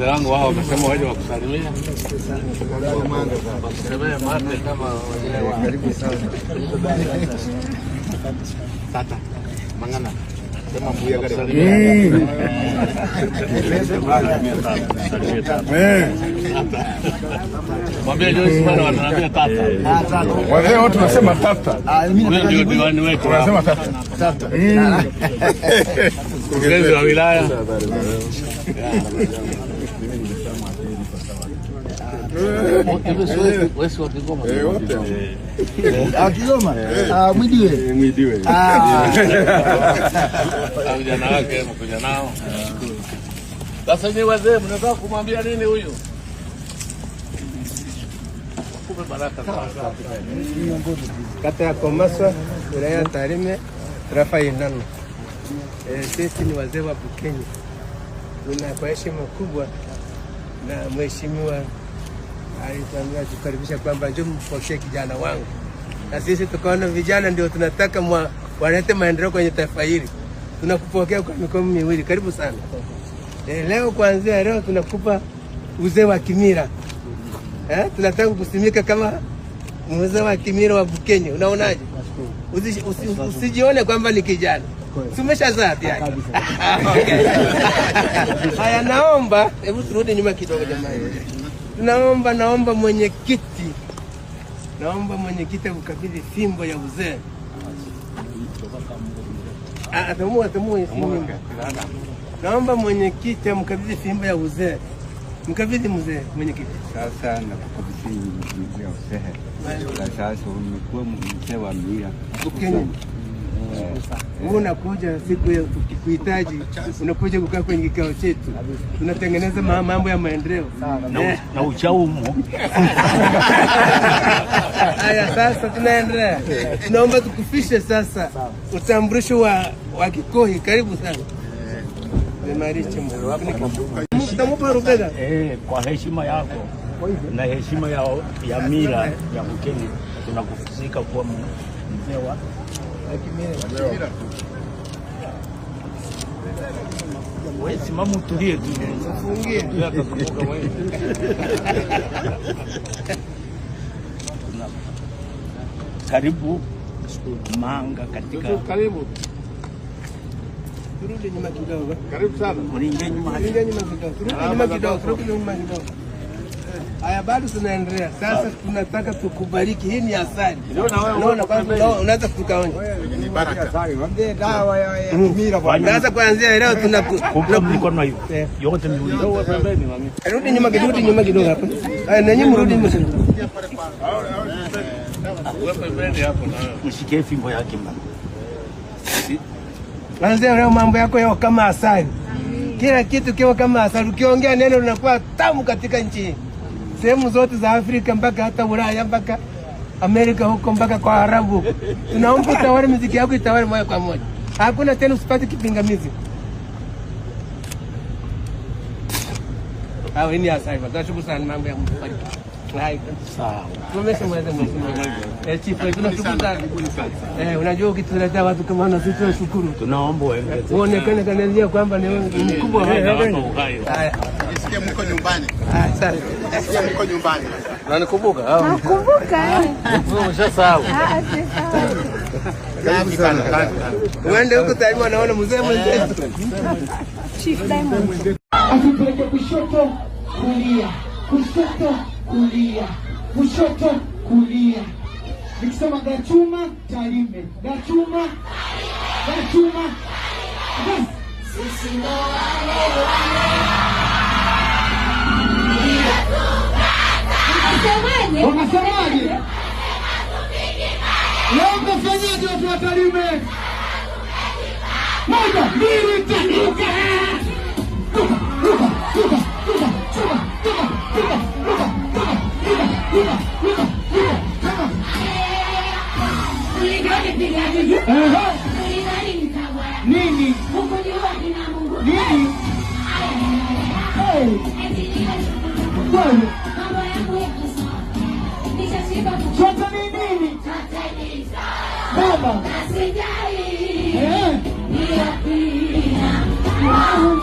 wazee wao wamesema waje wakusalimia. Tata mangana wazee wote tunasema tata, huyo ah, tata, mm. mkurugenzi wa wilaya Wesi Kata ya Komasa, wilaya ya Tarime, tarafa ya eh, Sisi ni wazee wa Bukenya, nina kwa heshima kubwa na mheshimiwa alituambia kukaribisha kwamba njoo mpokee kijana wangu, na sisi tukaona vijana ndio tunataka mwa, walete maendeleo kwenye taifa hili. Tunakupokea kwa mikono miwili, karibu sana. E, leo kuanzia leo tunakupa uzee wa kimira eh, tunataka kusimika kama mzee wa kimira wa Bukenya. Unaonaje? Usi, usi, usijione kwamba ni kijana tumeshazaa tayari. Haya, naomba hebu turudi nyuma kidogo jamani. Naomba, naomba mwenyekiti, naomba mwenyekiti ukabidhi fimbo ya uzee ah, atamua. Naomba mwenyekiti amkabidhi fimbo ya uzee, mkabidhi mzee mwenyekiti. Sasa nakukabidhi fimbo ya uzee. Sasa umekuwa mzee wa mia wewe unakuja siku ya ukikuhitaji, unakuja kukaa kwenye kikao chetu, tunatengeneza mambo ya maendeleo na uchaumo. Haya, sasa tunaendelea, tunaomba tukufishe sasa utambulisho wa, wa Kikohi. Karibu sana tamupa Rubega eh, kwa heshima yako na heshima ya, ya mila ya Mkenya tunakufuzika kuwa mzee wa wewe simama utulie tu. Ufungie tu hata kumbuka wewe. Karibu Manga katika karibu. Turudi nyuma kidogo. Karibu sana. Mlinge nyuma kidogo. Turudi nyuma kidogo. Turudi nyuma kidogo. Haya, bado tunaendelea sasa, tunataka tukubariki. Hii ni asali, unaweza tukaonja sasa. Mm. Kuanzia leo eh. rudi nyuma kidogo, rudi nyuma kidogo hapa. Haya, nanyi mrudi nyuma Ushike fimbo yake mama. Kuanzia leo mambo yako yao kama asali, kila kitu kiwa kama asali. Ukiongea neno linakuwa tamu katika nchi hii sehemu zote za Afrika mpaka hata Ulaya mpaka Amerika huko mpaka kwa Arabu. Tunaomba utawale muziki yako itawale moja kwa moja, hakuna tena, usipate kipingamizi. Hao ni asaifa. Tunashukuru sana, mambo ya Mungu. Unajua, ukituletea watu kama na sisi tunashukuru, tunaomba uonekane kanalia kwamba ni mkubwa. Haya, jisikie mko nyumbani. Asante, jisikie mko nyumbani. Unanikumbuka? Nakumbuka. Umeshasahau? Uende huko tayari wanaona mzee mwenzetu. Chief Diamond. Asipeleke kushoto kulia, kushoto kulia, kushoto kulia. Nikisema Gachuma Tarime, Gachuma Gachuma. Wanasemaje? Leo mtafanyaje watu wa Tarime? Moja, mbili, tatu, luka, luka, luka, luka, luka, luka, luka, luka nini Baba. Nasijai. Eh. Ni ya pili. Wangu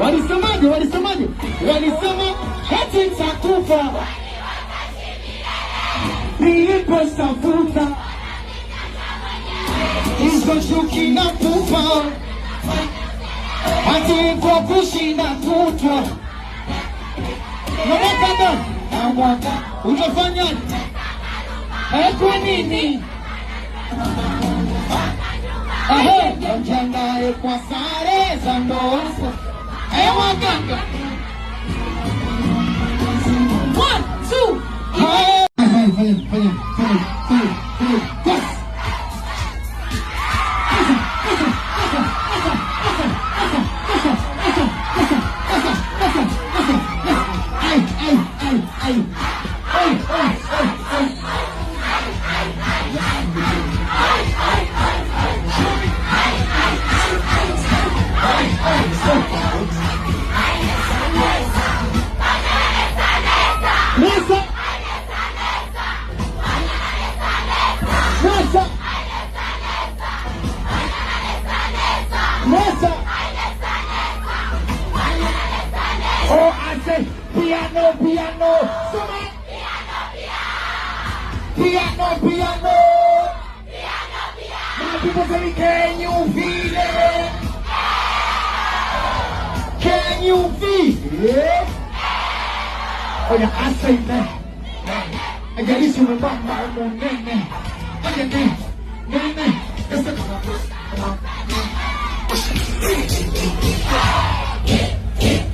Walisemaje? Walisemaje? Walisema eti nitakufa niliposafuta hizo chuki na kufa hati kushinda kutwa na mwaka na ẹkún nìní. Ọ̀jọ̀gbọ̀n èkó sáré ìsàndó ọ̀sọ̀ ẹ̀wọ̀n gàngà. One, two, three. piano, piano. Someone. Piano, piano. Piano, piano. Piano, piano. My people tell can you feel it? Can you feel Oh yeah, I say that. I got this human back, my own name, name. Oh yeah, name, name, name. It's the come on, come on, come on. Get, get.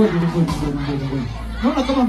Bueno, bueno, bueno, bueno, bueno. No, no, toma.